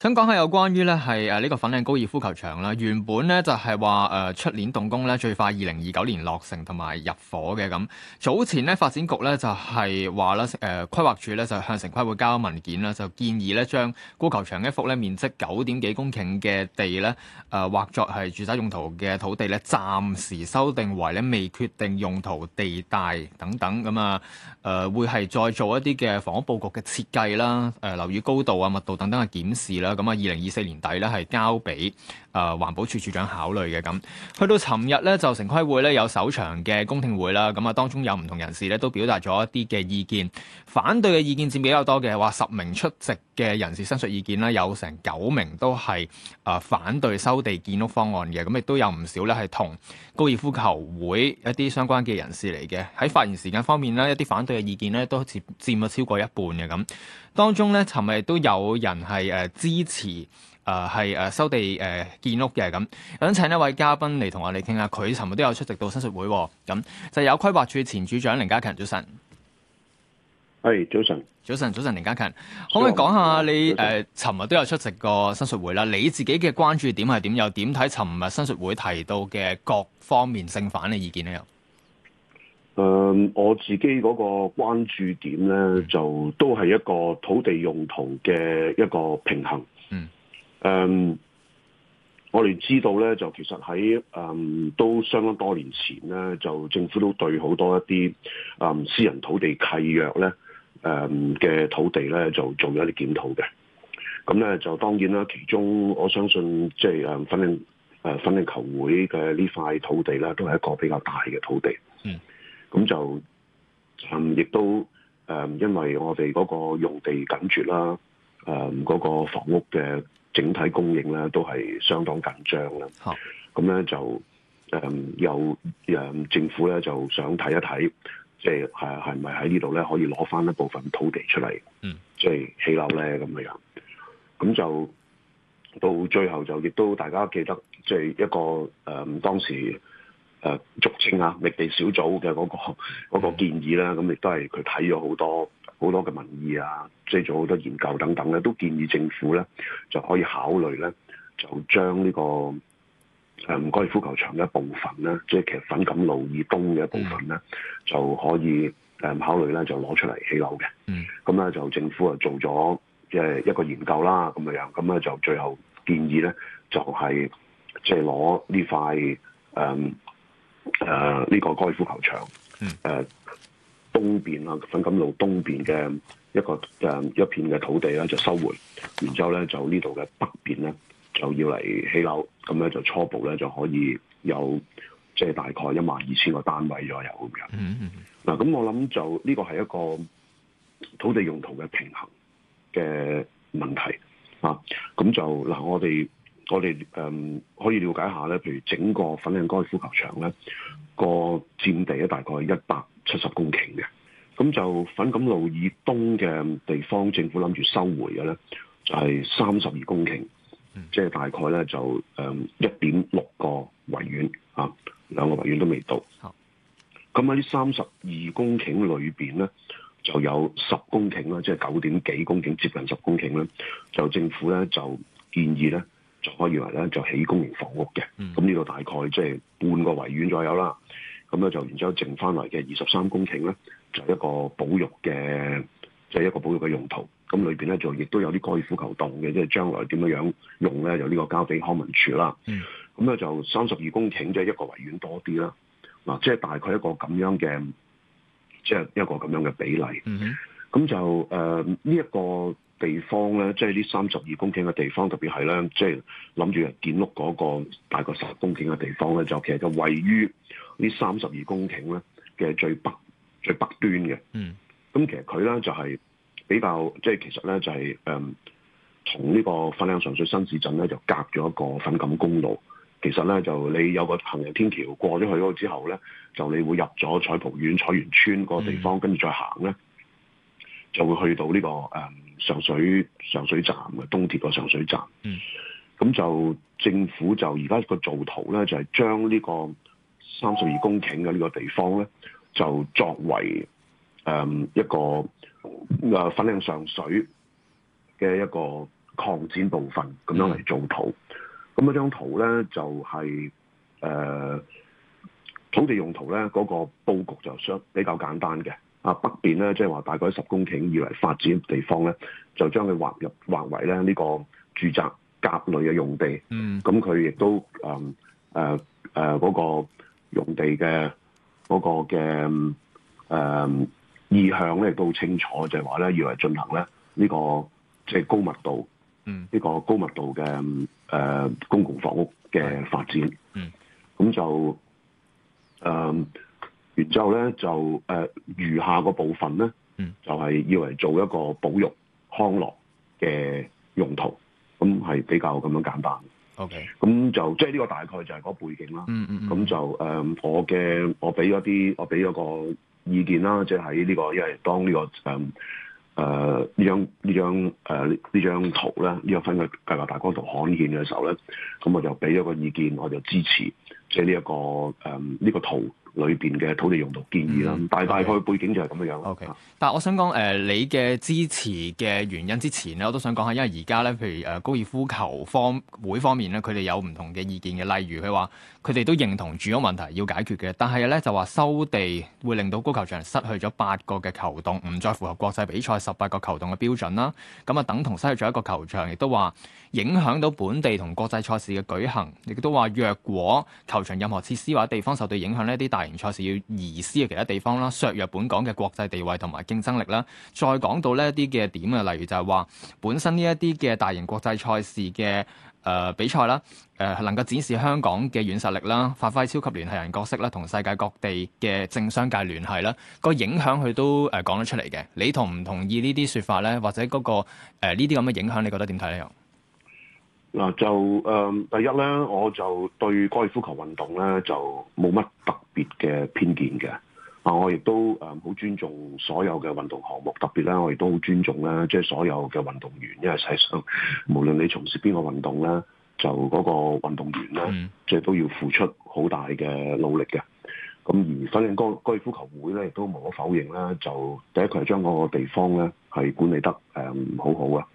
想講下有關於咧係誒呢個粉嶺高爾夫球場啦，原本呢就係話誒出年動工呢最快二零二九年落成同埋入伙嘅咁。早前呢發展局呢就係話啦，誒規劃署咧就向城規會交文件啦，就建議呢將高爾夫球場一幅呢面積九點幾公頃嘅地呢，誒劃作係住宅用途嘅土地呢暫時修訂為咧未決定用途地帶等等咁啊誒會係再做一啲嘅房屋布局嘅設計啦，誒、呃、樓宇高度啊、密度等等嘅檢視啦。咁啊，二零二四年底咧，係交俾啊！環保署署長考慮嘅咁，去到尋日咧，就城規會咧有首場嘅公聽會啦。咁啊，當中有唔同人士咧都表達咗一啲嘅意見，反對嘅意見佔比較多嘅。話十名出席嘅人士申述意見啦，有成九名都係啊反對收地建屋方案嘅。咁亦都有唔少咧係同高爾夫球會一啲相關嘅人士嚟嘅。喺發言時間方面呢，一啲反對嘅意見咧都佔佔咗超過一半嘅咁。當中咧，尋日都有人係誒支持。誒係誒收地誒、呃、建屋嘅咁，想請一位嘉賓嚟同我哋傾下。佢尋日都有出席到城規會咁，就有規劃署前署長凌嘉勤，早晨。係早晨，早晨、hey，早晨，凌嘉勤，上可唔可以講下你誒，尋日上、呃、都有出席過城規會啦，你自己嘅關注點係點？又點睇尋日城規會提到嘅各方面正反嘅意見呢？又誒，我自己嗰個關注點咧，就都係一個土地用途嘅一個平衡。嗯誒，um, 我哋知道咧，就其實喺誒、嗯、都相當多年前咧，就政府都對好多一啲誒、嗯、私人土地契約咧誒嘅土地咧，就做咗一啲檢討嘅。咁、嗯、咧就當然啦，其中我相信即係誒粉嶺誒粉嶺球會嘅呢塊土地咧，都係一個比較大嘅土地。嗯。咁就誒、嗯、亦都誒、嗯，因為我哋嗰個用地緊絀啦，誒、嗯、嗰、那個房屋嘅。整體供應咧都係相當緊張啦，咁咧、啊嗯、就誒、嗯、有誒、嗯、政府咧就想睇一睇，即係係係咪喺呢度咧可以攞翻一部分土地出嚟，即係、嗯就是、起樓咧咁嘅樣。咁就到最後就亦都大家記得，即、就、係、是、一個誒、嗯、當時誒俗稱啊，覓地小組嘅嗰、那個嗯、個建議啦。咁亦都係佢睇咗好多。好多嘅民意啊，即係做好多研究等等咧，都建議政府咧就可以考慮咧，就將呢、這個誒唔高爾夫球場嘅一部分咧，即係其實粉錦路以東嘅一部分咧，就可以誒、呃、考慮咧，就攞出嚟起樓嘅。嗯，咁咧就政府啊做咗即係一個研究啦，咁樣樣。咁咧就最後建議咧就係即係攞呢塊誒誒呢個高爾夫球場。呃、嗯。東邊啊，粉錦路東邊嘅一個誒、呃、一片嘅土地咧就收回，然之後咧就呢度嘅北邊咧就要嚟起樓，咁咧就初步咧就可以有即係、就是、大概一萬二千個單位左右咁樣。嗱、嗯，咁、嗯啊、我諗就呢、這個係一個土地用途嘅平衡嘅問題啊。咁就嗱、啊，我哋我哋誒、嗯、可以了解下咧，譬如整個粉嶺高爾夫球場咧個占地咧大概一百。七十公頃嘅，咁就粉錦路以東嘅地方政府諗住收回嘅咧，就係三十二公頃，即係大概咧就誒一點六個維園啊，兩個維園都未到。咁喺好呢三十二公頃裏邊咧，就有十公頃啦，即係九點幾公頃，接近十公頃咧，就政府咧就建議咧，就可以話咧就起公營房屋嘅。咁呢度大概即係半個維園左右啦。咁咧就然之後剩翻嚟嘅二十三公頃咧，就是、一個保育嘅，即、就、係、是、一個保育嘅用途。咁裏邊咧就亦都有啲高爾夫球洞嘅，即係將來點樣樣用咧，就呢個交俾康文署啦。咁咧、嗯、就三十二公頃即係、就是、一個維園多啲啦。嗱、啊，即、就、係、是、大概一個咁樣嘅，即、就、係、是、一個咁樣嘅比例。咁、嗯、哼就誒呢一個，地方咧，即係呢三十二公頃嘅地方，特別係咧，即係諗住建屋嗰個大概十公頃嘅地方咧，就其實就位於呢三十二公頃咧嘅最北最北端嘅、嗯就是就是。嗯，咁其實佢咧就係比較即係其實咧就係誒，同呢個粉嶺上水新市鎮咧就隔咗一個粉錦公路。其實咧就你有個行人天橋過咗去嗰個之後咧，就你會入咗彩蒲苑彩園村個地方，跟住再行咧。就會去到呢、這個誒、呃、上水上水站嘅東鐵個上水站，嗯，咁就政府就而家個做圖咧，就係、是、將呢個三十二公頃嘅呢個地方咧，就作為誒、呃、一個誒粉嶺上水嘅一個擴展部分咁樣嚟做圖。咁、嗯、一張圖咧就係、是、誒、呃、土地用途咧嗰個佈局就相比較簡單嘅。啊北邊咧，即係話大概十公頃以嚟發展地方咧，就將佢劃入劃為咧呢、這個住宅甲類嘅用地。嗯，咁佢亦都誒誒誒嗰個用地嘅嗰、那個嘅誒、嗯、意向咧都清楚，就係話咧要嚟進行咧呢、這個即係、就是、高密度，嗯，呢個高密度嘅誒、呃、公共房屋嘅發展。嗯，咁、嗯、就誒。嗯然之後咧，就誒餘、呃、下個部分咧，嗯、就係要嚟做一個保育康樂嘅用途，咁係比較咁樣簡單。O K. 咁就即係呢個大概就係個背景啦。嗯嗯。咁、嗯嗯、就誒、呃，我嘅我俾咗啲，我俾咗個意見啦，即係喺呢個因為當、這個呃呃、呢個誒誒呢張呢張誒呢張圖咧，呢份嘅計劃大綱圖刊憲嘅時候咧，咁我就俾咗個意見，我就支持。即係呢一個誒呢、嗯這個圖裏邊嘅土地用途建議啦，大、嗯、大概背景就係咁樣咯。O、okay. K，但係我想講誒、呃、你嘅支持嘅原因之前呢，我都想講下，因為而家咧，譬如誒、呃、高爾夫球方會方面咧，佢哋有唔同嘅意見嘅，例如佢話佢哋都認同住屋問題要解決嘅，但係咧就話收地會令到高球場失去咗八個嘅球洞，唔再符合國際比賽十八個球洞嘅標準啦。咁啊等同失去咗一個球場，亦都話影響到本地同國際賽事嘅舉行，亦都話若果球球場任何設施或者地方受到影響，呢啲大型賽事要移師去其他地方啦，削弱本港嘅國際地位同埋競爭力啦。再講到呢一啲嘅點啊，例如就係話本身呢一啲嘅大型國際賽事嘅誒比賽啦，誒能夠展示香港嘅軟實力啦，發揮超級聯繫人角色啦，同世界各地嘅政商界聯繫啦，個影響佢都誒講得出嚟嘅。你同唔同意呢啲說法咧？或者嗰個誒呢啲咁嘅影響，你覺得點睇呢？又？嗱就誒、嗯、第一咧，我就對高爾夫球運動咧就冇乜特別嘅偏見嘅。啊，我亦都誒好尊重所有嘅運動項目，特別咧我亦都好尊重咧，即係所有嘅運動員，因為世上無論你從事邊個運動咧，就嗰個運動員咧，即係都要付出好大嘅努力嘅。咁而反正高高爾夫球會咧，亦都無可否認咧，就第一佢係將嗰個地方咧係管理得誒、嗯、好好啊。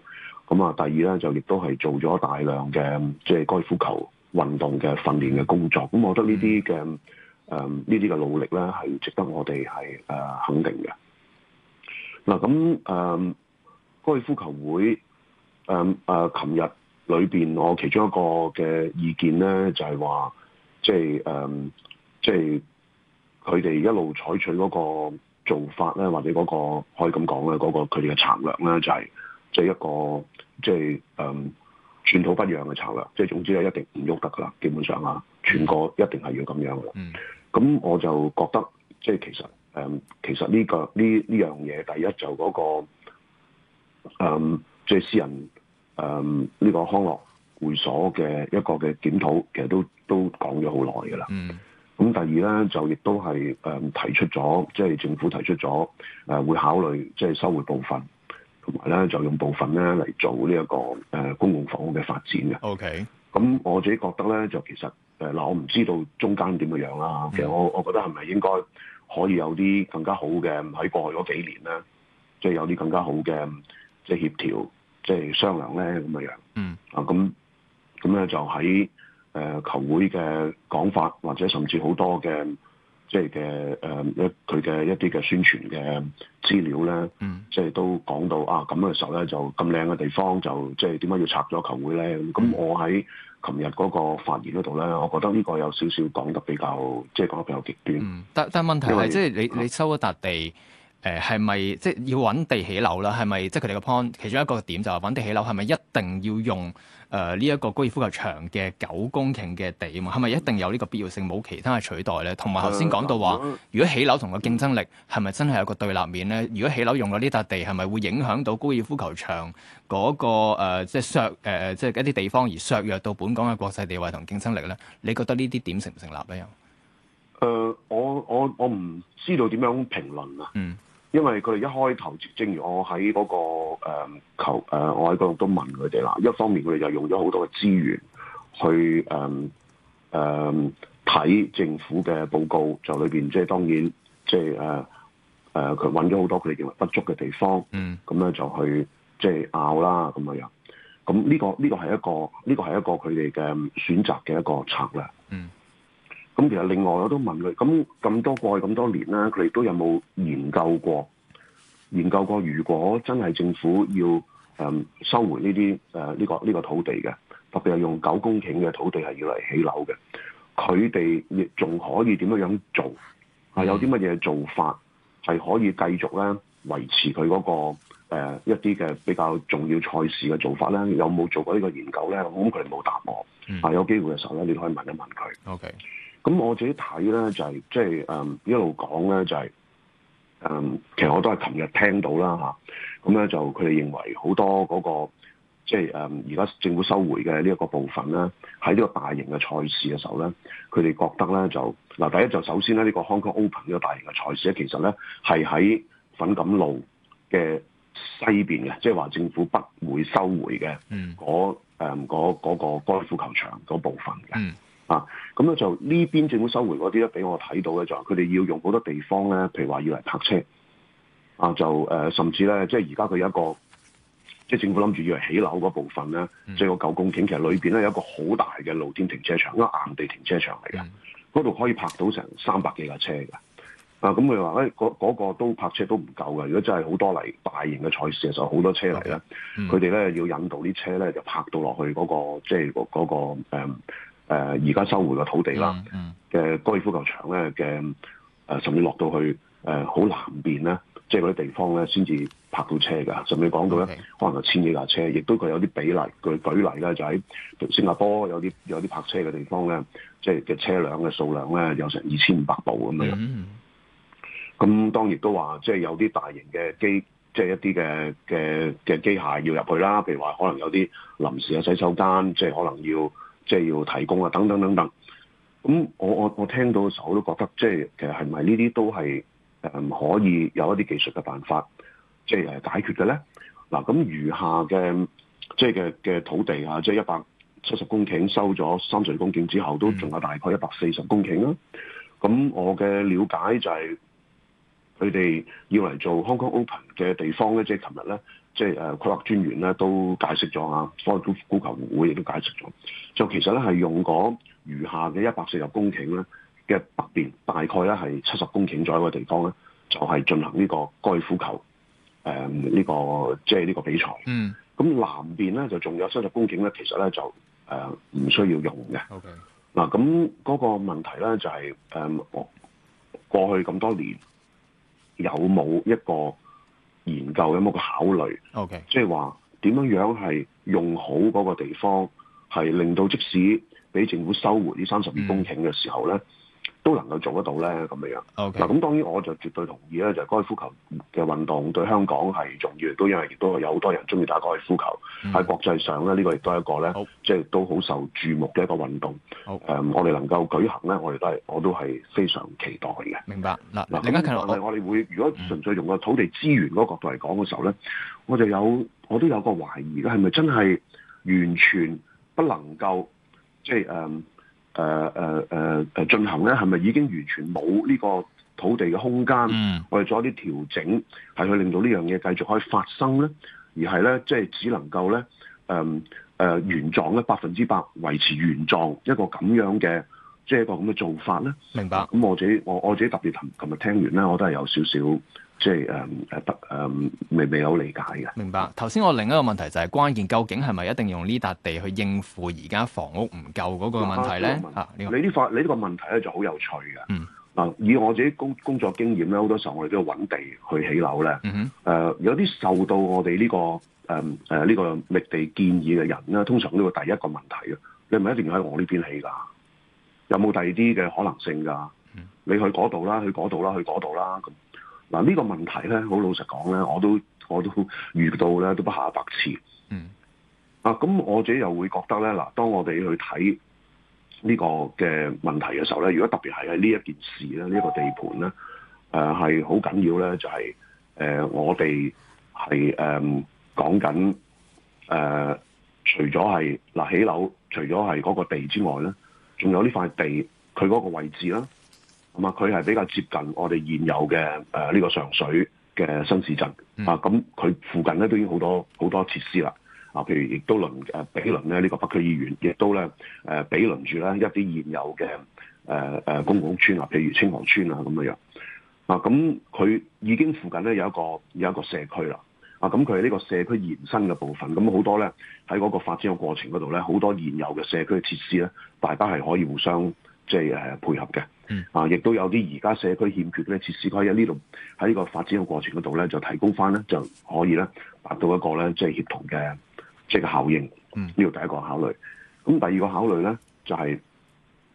咁啊，第二咧就亦都係做咗大量嘅即係高爾夫球運動嘅訓練嘅工作。咁我覺得呢啲嘅誒呢啲嘅努力咧，係值得我哋係誒肯定嘅。嗱咁誒，高爾夫球會誒誒，琴日裏邊我其中一個嘅意見咧，就係話即係誒，即係佢哋一路採取嗰個做法咧，或者嗰個可以咁講咧，嗰個佢哋嘅策略咧，就係。即係一個，即係誒寸土不讓嘅策略。即係總之咧，一定唔喐得噶啦，基本上啊，全國一定係要咁樣嘅。mm. 咁我就覺得，即係其實誒，其實呢個呢呢樣嘢，第一就嗰個即係私人誒呢個康樂會所嘅一個嘅檢討，其實都都講咗好耐噶啦。mm. 咁第二咧，就亦都係誒提出咗，即係政府提出咗誒會考慮，即係收回部分。同埋咧就用部分咧嚟做呢、這、一個誒、呃、公共房屋嘅發展嘅。OK. 咁我自己覺得咧就其實誒嗱、呃、我唔知道中間點嘅樣啦。嗯、其實我我覺得係咪應該可以有啲更加好嘅喺過去嗰幾年咧，即、就、係、是、有啲更加好嘅即係協調即係商量咧咁嘅樣。嗯啊咁咁咧就喺誒、呃、球會嘅講法或者甚至好多嘅。即係嘅誒一佢嘅一啲嘅宣傳嘅資料咧，嗯、即係都講到啊咁嘅時候咧，就咁靚嘅地方就即係點解要拆咗球會咧？咁、嗯、我喺琴日嗰個發言嗰度咧，我覺得呢個有少少講得比較即係講得比較極端。嗯、但但問題係，為即係你你收一笪地。誒係咪即係要揾地起樓啦？係咪即係佢哋個 point？其中一個點就係、係、揾地起樓係咪一定要用誒呢一個高爾夫球場嘅九公頃嘅地啊？係咪一定有呢個必要性？冇其他嘅取代咧？同埋頭先講到話、呃，如果起樓同個競爭力係咪真係有個對立面咧？如果起樓用咗呢笪地，係咪會影響到高爾夫球場嗰、嗰個、呃、即係削弱、呃、即係一啲地方而削弱到本港嘅國際地位同競爭力咧？你覺得呢啲點成唔成立咧？又誒、呃，我我我唔知道點樣評論啊。嗯。因為佢哋一開頭，正如我喺嗰、嗰個、嗯、求誒、呃，我喺嗰度都問佢哋啦。一方面，佢哋就用咗好多嘅資源去誒誒睇政府嘅報告，就裏邊即係當然即係誒誒，佢揾咗好多佢哋認為不足嘅地方。嗯，咁咧就去即係拗啦咁嘅樣。咁呢個呢個係一個呢個係一個佢哋嘅選擇嘅一個策略。嗯。咁、嗯、其實另外我都問佢，咁咁多過去咁多年啦，佢哋都有冇研究過？研究過如果真係政府要誒、嗯、收回呢啲誒呢個呢、呢個土地嘅，特別係用九公頃嘅土地係要嚟起樓嘅，佢哋亦仲可以點樣樣做？係有啲乜嘢做法係可以繼續咧維持佢嗰、嗰個、呃、一啲嘅比較重要賽事嘅做法咧？有冇做過呢個研究咧？咁佢哋冇答我。啊、嗯，有機會嘅時候咧，你可以問一問佢。OK。咁我自己睇咧就係、是，即係誒、嗯、一路講咧就係、是，誒、嗯、其實我都係琴日聽到啦嚇，咁、啊、咧、嗯、就佢哋認為好多嗰、那個即係誒而家政府收回嘅呢一個部分咧，喺呢個大型嘅賽事嘅時候咧，佢哋覺得咧就，嗱第一就首先咧呢、這個 Hong Kong Open 呢個大型嘅賽事咧，其實咧係喺粉錦路嘅西邊嘅，即係話政府不會收回嘅、那個，嗯，嗰誒嗰嗰個高爾夫球場嗰部分嘅。嗯咁咧、啊、就呢邊政府收回嗰啲咧，俾我睇到咧，就佢、是、哋要用好多地方咧，譬如話要嚟泊車，啊，就誒、呃，甚至咧，即係而家佢有一個，即係政府諗住要嚟起樓嗰部分咧，即係、嗯、個舊公景，其實裏邊咧有一個好大嘅露天停車場，啱硬地停車場嚟嘅，嗰度、嗯、可以泊到成三百幾架車㗎。啊，咁佢話誒，嗰、欸、嗰、那個都泊車都唔夠嘅，如果真係好多嚟大型嘅賽事，嘅時候，好多車嚟啦，佢哋咧要引導啲車咧，就泊到落去嗰、那個，即係嗰嗰個誒。嗯誒而家收回個土地啦，嘅高、mm hmm. 爾夫球場咧嘅，誒甚至落到去誒好南邊咧，即係嗰啲地方咧先至泊到車嘅。甚至講、呃、到咧，到呢 Okay. 可能有千幾架車，亦都佢有啲比例，佢舉例咧就喺、是、新加坡有啲有啲泊車嘅地方咧，即係嘅車輛嘅數量咧有成二千五百部咁樣。咁、mm hmm. 當然都話即係有啲大型嘅機，即係一啲嘅嘅嘅機械要入去啦。譬如話可能有啲臨時嘅洗手間，即係可能要。即係要提供啊，等等等等。咁我我我聽到嘅時候，我都覺得即係其實係咪呢啲都係誒、嗯、可以有一啲技術嘅辦法，即係誒解決嘅咧。嗱、啊，咁餘下嘅即係嘅嘅土地啊，即係一百七十公頃收咗三十公頃之後，都仲有大概一百四十公頃啦、啊。咁我嘅了解就係佢哋要嚟做 Hong Kong Open 嘅地方咧，即係琴日咧。即係誒規劃專員咧都解釋咗啊，所有高高球會亦都解釋咗，就其實咧係用嗰餘下嘅一百四十公頃咧嘅北邊，大概咧係七十公頃左右嘅地方咧，就係、是、進行呢個高爾夫球誒呢、呃這個即係呢個比賽。嗯，咁南邊咧就仲有七十公頃咧，其實咧就誒唔需要用嘅。嗱 Okay.、啊，咁嗰個問題咧就係、是、誒、呃、過去咁多年有冇一個？研究有冇個考慮？OK，即係話點樣樣係用好嗰個地方，係令到即使俾政府收回呢三十二公頃嘅時候咧。嗯都能夠做得到呢？咁樣樣。咁 Okay.、啊、當然我就絕對同意呢。就高爾夫球嘅運動對香港係重要，都因為亦都有好多人中意打高爾夫球。喺、嗯、國際上呢，呢、呢個亦都係一個呢，好即係都好受注目嘅一個運動。好嗯、我哋能夠舉行呢，我哋都係我都係非常期待嘅。明白嗱嗱。咁、啊、但係我哋會，如果純粹用個土地資源嗰個角度嚟講嘅時候呢，嗯、我就有我都有個懷疑，呢係咪真係完全不能夠即係誒？嗯誒誒誒誒進行咧，係咪已經完全冇呢個土地嘅空間？嗯。我哋做一啲調整，係去令到呢樣嘢繼續可以發生咧，而係咧即係只能夠咧誒誒原狀咧百分之百維持原狀一個咁樣嘅即係一個咁嘅做法咧。明白。咁我自己我我自己特別琴琴日聽完咧，我都係有少少。即係誒誒，不誒未未好理解嘅。明白。頭先我另一個問題就係關鍵，究竟係咪一定要用呢笪地去應付而家房屋唔夠嗰個問題咧？你呢塊你呢個問題咧就好有趣嘅。嗯。嗱，以我自己工工作經驗咧，好多時候我哋都要揾地去起樓咧。誒、呃，有啲受到我哋呢、這個誒誒呢個覓地建議嘅人咧，通常都會第一個問題啊，你唔係一定要喺我呢邊起噶，有冇第二啲嘅可能性噶？你去嗰度啦，去嗰度啦，去嗰度啦，咁。嗱呢個問題咧，好老實講咧，我都我都遇到咧，都不下百次。嗯啊，咁我自己又會覺得咧，嗱，當我哋去睇呢個嘅問題嘅時候咧，如果特別係喺呢一件事咧，呢個地盤咧，誒係好緊要咧，就係誒我哋係誒講緊誒，除咗係嗱起樓，除咗係嗰個地之外咧，仲有呢塊地佢嗰個位置啦。咁啊，佢係比較接近我哋現有嘅誒呢個上水嘅新市鎮啊，咁佢附近咧都已經好多好多設施啦啊，譬如亦都輪誒、呃、比鄰咧呢、呢個北區醫院，亦都咧誒、呃、比鄰住咧一啲現有嘅誒誒公共村啊，譬如青黃村啊咁嘅樣啊，咁、嗯、佢已經附近咧有一個有一個社區啦啊，咁佢係呢個社區延伸嘅部分，咁、啊、好多咧喺嗰個發展嘅過程嗰度咧，好多現有嘅社區設施咧，大家係可以互相即係誒配合嘅。嗯啊，亦都有啲而家社區欠缺嘅設施，可喺呢度喺呢個發展嘅過程嗰度咧，就提供翻咧就可以咧達到一個咧即係協同嘅即係效應。嗯，呢個第一個考慮。咁第二個考慮咧就係、是、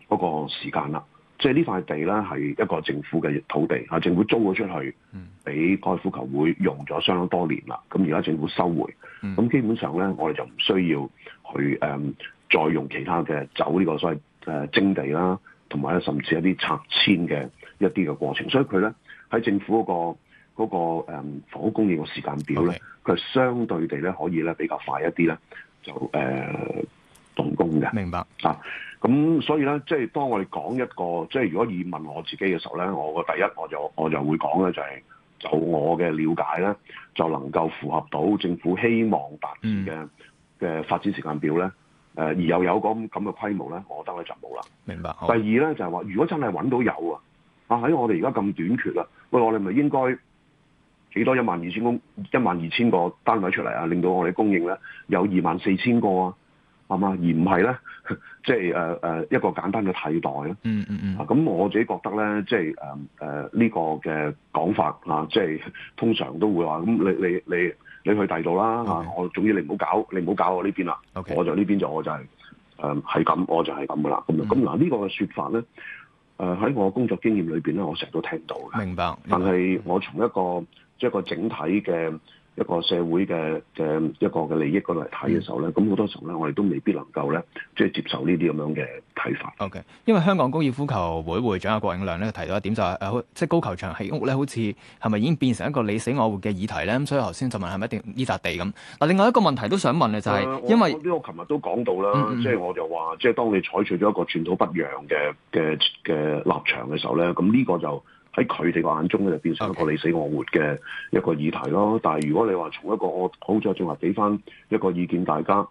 嗰個時間啦。即係呢塊地咧係一個政府嘅土地啊，政府租咗出去俾哥爾夫球會用咗相當多年啦。咁而家政府收回，咁、嗯、基本上咧我哋就唔需要去誒、嗯、再用其他嘅走呢個所謂誒徵地啦。同埋咧，甚至一啲拆遷嘅一啲嘅過程，所以佢咧喺政府嗰、嗰個嗰、嗰個、嗯、房屋供應嘅時間表咧，佢 Okay. 相對地咧可以咧比較快一啲咧，就誒、呃、動工嘅。明白啊！咁所以咧，即係當我哋講一個，即係如果以問我自己嘅時候咧，我嘅第一我就我就會講咧、就係，就係就我嘅了解咧，就能夠符合到政府希望達至嘅嘅發展時間表咧。誒而又有咁咁嘅規模咧，我覺得咧就冇啦。明白。第二咧就係、是、話，如果真係揾到有啊，啊、哎、喺我哋而家咁短缺啦，喂、啊、我哋咪應該幾多一萬二千公一萬二千個單位出嚟啊，令到我哋供應咧有二萬四千個啊，係嘛？而唔係咧，即係誒誒一個簡單嘅替代啊。嗯嗯嗯。咁、嗯啊、我自己覺得咧，即係誒誒呢個嘅講法啊，即、就、係、是、通常都會話咁你你你。你你你你你去第度啦吓！我總之你唔好搞，你唔好搞我呢邊啦。Okay. 我就呢邊就我就係誒係咁，我就係咁噶啦。咁咁嗱，嗯、個說呢個説法咧，誒、呃、喺我工作經驗裏邊咧，我成日都聽到嘅。明白。但係我從一個即係一個整體嘅。一個社會嘅誒一個嘅利益嗰度嚟睇嘅時候咧，咁好、嗯、多時候咧，我哋都未必能夠咧，即係接受呢啲咁樣嘅睇法。O、okay. K，因為香港高爾夫球會會長阿郭永亮咧提到一點就係誒，即係高球場起屋咧，好似係咪已經變成一個你死我活嘅議題咧？咁所以頭先就問係咪一定呢笪地咁？嗱，另外一個問題都想問咧、就是，就係因為呢，為我琴日都講到啦、嗯嗯，即係我就話，即係當你採取咗一個寸土不讓嘅嘅嘅立場嘅時候咧，咁呢個就。喺佢哋嘅眼中呢，佢就變成一個你死我活嘅一個議題咯。但係如果你話從一個我好在，仲話俾翻一個意見。大家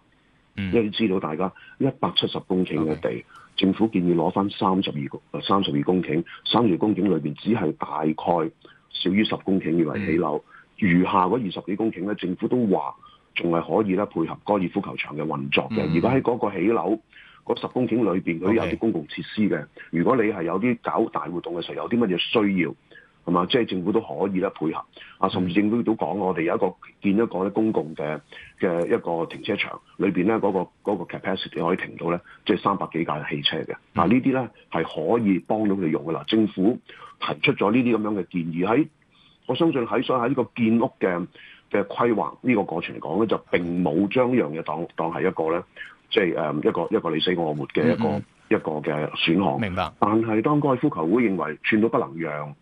因為知道大家一百七十公頃嘅地，嗯、政府建議攞翻三十二公三十二公頃，三十二公頃裏邊只係大概少於十公頃用嚟起樓，餘、嗯、下嗰二十幾公頃咧，政府都話仲係可以咧配合高爾夫球場嘅運作嘅。而家喺嗰個起樓。十公頃裏邊，佢有啲公共設施嘅。Okay. 如果你係有啲搞大活動嘅時候，有啲乜嘢需要，係嘛？即係政府都可以咧配合。啊，甚至政府都講，我哋有一個建一個咧公共嘅嘅一個停車場，裏邊咧嗰個、嗰個、capacity 可以停到咧，即係三百幾架汽車嘅。嗱、啊，呢啲咧係可以幫到佢用嘅啦。政府提出咗呢啲咁樣嘅建議，喺我相信喺想喺呢個建屋嘅嘅規劃呢、呢個過程嚟講咧，就並冇將呢樣嘢當當係一個咧。即係誒，一個一個你死我活嘅一個嗯嗯一個嘅選項。明白。但係當高爾夫球會認為寸到不能讓，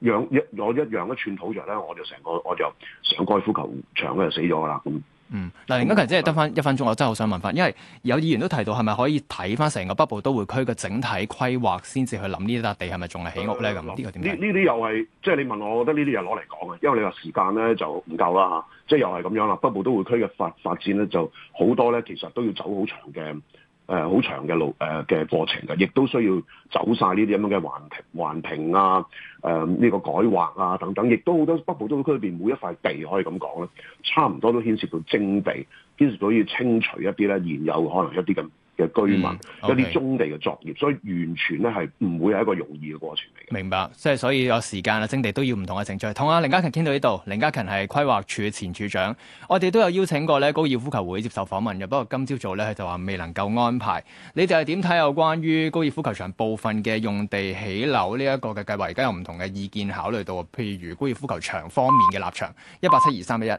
讓一我一樣一寸土着咧，我就成個我就上高爾夫球場咧就死咗噶啦咁。嗯嗯，嗱、嗯，另一個其實真係得翻一分鐘，嗯、我真係好想問翻，嗯、因為有議員都提到，係咪可以睇翻成個北部都會區嘅整體規劃先至去諗呢笪地係咪仲係起屋咧？咁呢個點呢？呢啲又係即係你問我，我覺得呢啲又攞嚟講啊，因為你話時間咧就唔夠啦嚇，即係又係咁樣啦。北部都會區嘅發發展咧就好多咧，其實都要走好長嘅。誒好、呃、長嘅路誒嘅、呃、過程嘅，亦都需要走晒呢啲咁樣嘅環評環評啊，誒、呃、呢、這個改劃啊等等，亦都好多北部都會區裏邊每一塊地可以咁講咧，差唔多都牽涉到徵地，牽涉到要清除一啲咧現有可能一啲咁。嘅居民有啲中地嘅作業，嗯 okay. 所以完全咧係唔會係一個容易嘅過程嚟嘅。明白，即係所以有時間啊，徵地都要唔同嘅程序。同阿、啊、凌嘉勤傾到呢度，凌嘉勤係規劃署嘅前署長，我哋都有邀請過咧高爾夫球會接受訪問嘅，不過今朝早咧佢就話未能夠安排。你哋係點睇有關於高爾夫球場部分嘅用地起樓呢一個嘅計劃，而家有唔同嘅意見考慮到，譬如高爾夫球場方面嘅立場，一八七二三一一。